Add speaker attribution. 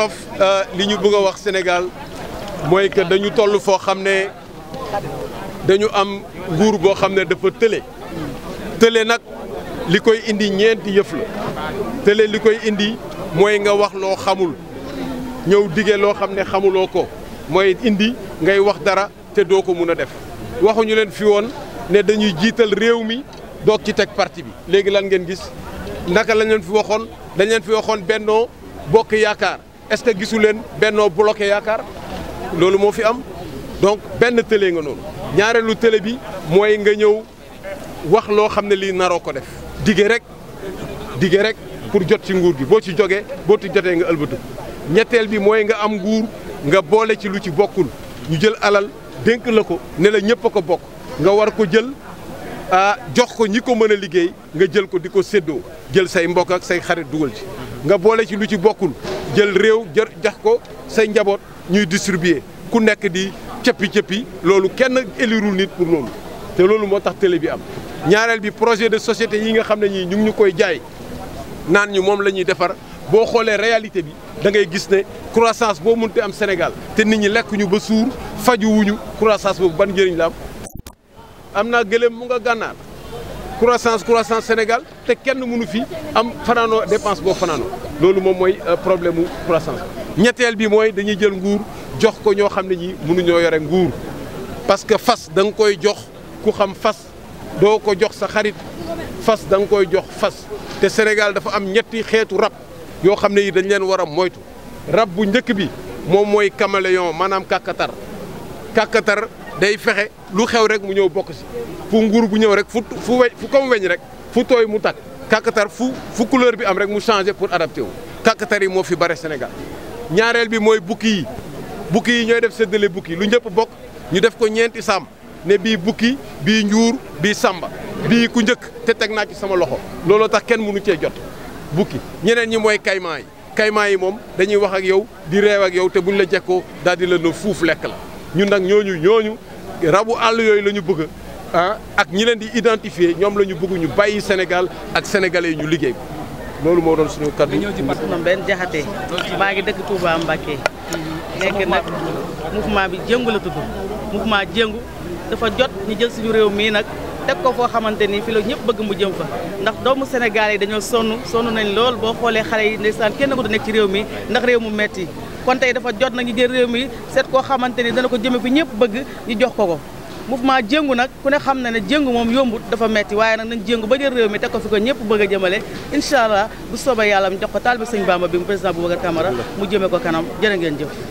Speaker 1: wolof euh, li ñu bëgg a wax Sénégal mooy que dañu toll foo xam ne dañu am nguur boo xam ne dafa tële tële nag li koy indi ñeenti yëf la tële li koy indi mooy nga wax loo xamul ñëw dige loo xam ne xamuloo ko mooy indi ngay wax dara te doo ko mun a def waxuñu leen fi woon ne dañuy jiital réew mi doog ci teg parti bi léegi lan ngeen gis naka lañ leen fi waxoon dañ fi waxoon bennoo bokk yaakaar est-ce que gisu leen bennoo bloqué yaakaar loolu moo fi am donc benn télé nga noonu ñaareelu télé bi mooy nga ñëw wax loo xam ne lii naroo ko def dige rek dige rek pour jot ci nguur ji boo ci jogee boo ci jotee nga ëlbatu ñetteel bi mooy nga am nguur nga boole ci lu ci bokkul ñu jël alal dénk la ko ne la ñëpp a ko bokk nga war ko jël ah jox ko ñi ko mën a liggéey nga jël ko di ko séddoo jël say mbokk ak say xarit dugal ci nga boole ci lu ci bokkul jël réew jë jox ko say njaboot ñuy distribuer ku nekk di cëppi cëppi loolu kenn élirul nit pour noonu te loolu moo tax télé bi am ñaareel bi projet de société yi nga xam ne ñii ñu ñu koy jaay naan ñu moom la ñuy defar boo xoolee réalité bi da ngay gis ne croissance boo mënti am Sénégal te nit ñi lekk ñu ba suur faju wuñu boobu ban njëriñ la am am naa gëléem mu nga gànnaar croissance croissance Sénégal te kenn mënu fi am fanaanoo dépense boo fanaanoo loolu moom mooy euh, problème mu croissance ñetteel bi mooy dañuy jël nguur jox ko ñoo xam ne ñi mënuñoo yore nguur parce que fas da nga koy jox ku xam fas doo ko jox sa xarit fas da nga koy jox fas te Sénégal dafa am ñetti xeetu rab yoo xam ne yi dañ leen war a moytu rab bu njëkk bi moom mooy caméléon maanaam kàkkatar kàkkatar day fexe lu xew rek mu ñëw bokk si fu nguur bu ñëw rek fu fu weñ weñ rek fu tooy mu takk kakatar fu fu couleur bi am rek mu changé pour adapté wu kakatar yi moo fi bare Sénégal ñaareel bi mooy bukki yi bukki yi ñooy def seddalee bukki lu ñëpp bokk ñu def ko ñeenti sàmm ne bii bukki bii njuur bii sàmba bii ku njëkk te teg naa ci sama loxo looloo tax kenn mënu cee jot bukki ñeneen ñi mooy kaymaa yi kaymaa yi moom dañuy wax ak yow di reew ak yow te bu buñ la jekkoo daal di la no fuuf lekk la ñun nag ñooñu ñooñu rabu àll yooyu la ñu bëgg ah ak ñi leen di identifier ñoom la ñu bëgg bàyyi Sénégal ak sénégalais yi ñu liggéey ko loolu
Speaker 2: moo doon suñu kaddu. ñoom benn jaxate maa ngi dëkk Touba mbàkkee nekk nag mouvement bi jëngu la tudd mouvement jëngu dafa jot ñu jël suñu réew mii nag teg ko foo xamante ni fi la ñëpp bëgg mu jëm fa ndax doomu Sénégal yi dañoo sonn sonn nañ lool boo xoolee xale yi ndeysaan kenn ku nekk ci réew mi ndax réew mu metti kon tey dafa jot nag ñu jël réew mi seet koo xamante ni dana ko jëme fi ñëpp bëgg ñu jox ko ko mouvement jéngu nag ku ne xam na ne jéngu moom yombut dafa metti waaye nag nañ jéngu ba jël réew mi te ko fi ko ñëpp bëgg a jëmale incha bu soobee yàlla mu jox ko taal bi sëñ Bamba bi mu président Boubacar Camara mu jëmee ko kanam jërë ngeen jëf